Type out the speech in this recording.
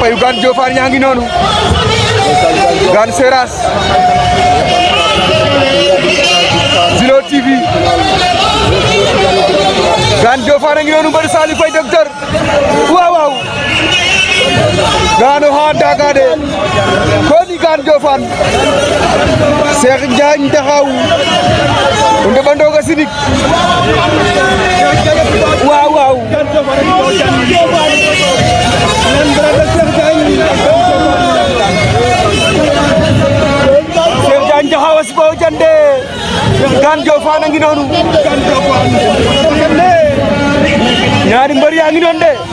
payu Gane Diofane ñaa ngi noonu Gane Seras Zilo TV Gane Diofane a ngi noonu mbër Saliou Faye docteur waaw waaw Gane haa dagade koni Gane Diofane Cheikh Ndiagne taxaw o ndeɓandong a sinig Kossy Bawo Diandé Gane Diofane a ngi noonu ñaari mbër yaa ngi noonu de